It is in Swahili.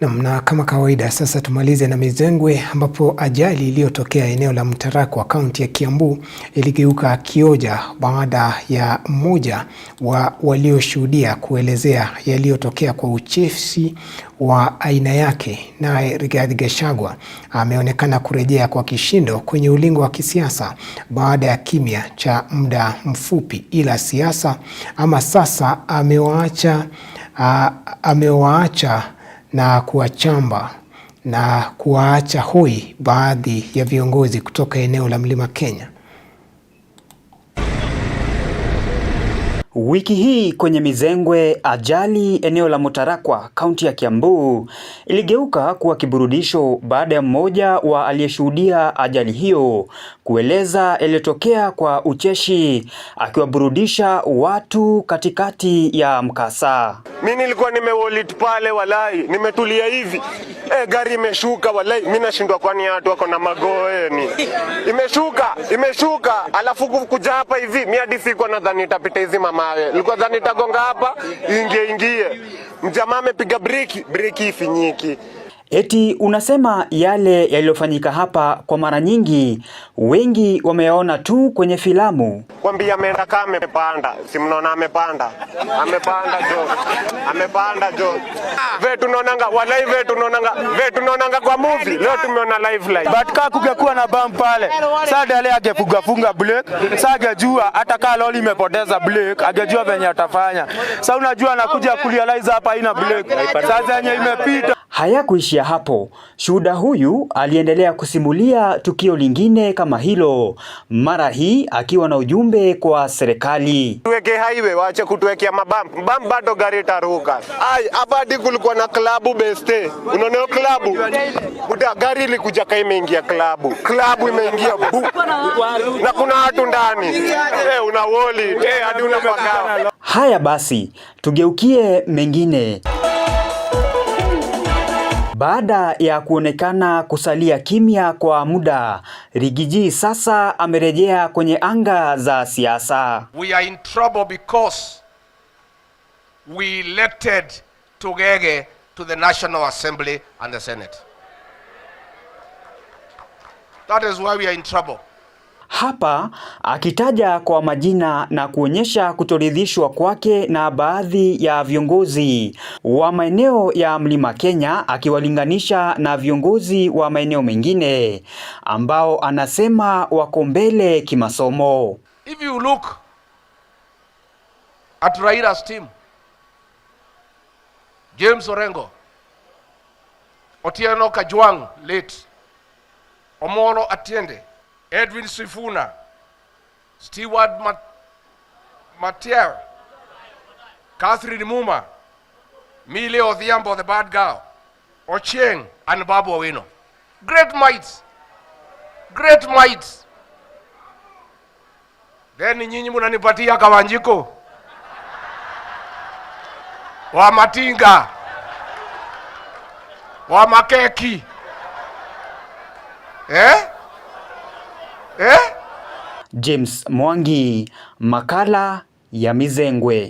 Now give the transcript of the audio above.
Namna kama kawaida sasa tumalize na Mizengwe ambapo ajali iliyotokea eneo la Mtarakwa kaunti ya Kiambu iligeuka kioja baada ya mmoja wa walioshuhudia kuelezea yaliyotokea kwa uchefsi wa aina yake. Naye Rigathi Gachagua ameonekana kurejea kwa kishindo kwenye ulingo wa kisiasa baada ya kimya cha muda mfupi, ila siasa ama sasa amewaacha amewaacha na kuwachamba na kuwaacha hoi baadhi ya viongozi kutoka eneo la Mlima Kenya Wiki hii kwenye Mizengwe, ajali eneo la Mutarakwa, kaunti ya Kiambu iligeuka kuwa kiburudisho baada ya mmoja wa aliyeshuhudia ajali hiyo kueleza yaliyotokea kwa ucheshi, akiwaburudisha watu katikati ya mkasa. Mimi nilikuwa nimewolit pale, walai nimetulia hivi eh, gari imeshuka walai, mimi nashindwa, kwani watu wako na magoeni? Imeshuka, imeshuka, alafu kuja hapa hivi, mimi hadi siko nadhani itapita hizi mamawe, nilikuwa nadhani itagonga hapa, ingie ingie, mjamaa amepiga breki, breki ifinyiki Eti unasema yale yaliyofanyika hapa kwa mara nyingi wengi wameona tu kwenye filamu. Kwambia ameenda kama amepanda, si mnaona amepanda. Amepanda jo. Amepanda jo. Ve tunaonanga walai ve tunaonanga ve tunaonanga kwa movie. Leo tumeona live live. But kaka kungekuwa na bump pale. Sasa ile angefunga funga Blake. Sasa angejua hata kama loli imepoteza Blake, angejua venye atafanya. Sasa unajua anakuja kurealize hapa ina Blake. Sasa yenye imepita Hayakuishia hapo. Shuhuda huyu aliendelea kusimulia tukio lingine kama hilo, mara hii akiwa na ujumbe kwa serikali. Tuweke highway waache kutuwekea mabam bam, bado gari taruka. Ai, hapa hadi kulikuwa na klabu beste, unaona klabu Muda gari ilikuja kai imeingia klabu, klabu imeingia bu na kuna watu ndani eh, una woli eh, hadi unapaka. Haya basi, tugeukie mengine. Baada ya kuonekana kusalia kimya kwa muda, Rigiji sasa amerejea kwenye anga za siasa. We are in trouble because we elected Tugege to the National Assembly and the Senate. That is why we are in trouble hapa akitaja kwa majina na kuonyesha kutoridhishwa kwake na baadhi ya viongozi wa maeneo ya Mlima Kenya akiwalinganisha na viongozi wa maeneo mengine ambao anasema wako mbele kimasomo. If you look at Raila's team, James Orengo, Otieno Kajwang late, Omoro Atiende Edwin Sifuna, Stewart Mat Matier, Catherine Muma, Mile Odhiambo, the bad girl, Ochieng, and Babu Owino. Great mites. Great mites. Then nyinyi munanipatia Kawanjiko wa Matinga wa Makeki eh? eh? James Mwangi, makala ya Mizengwe.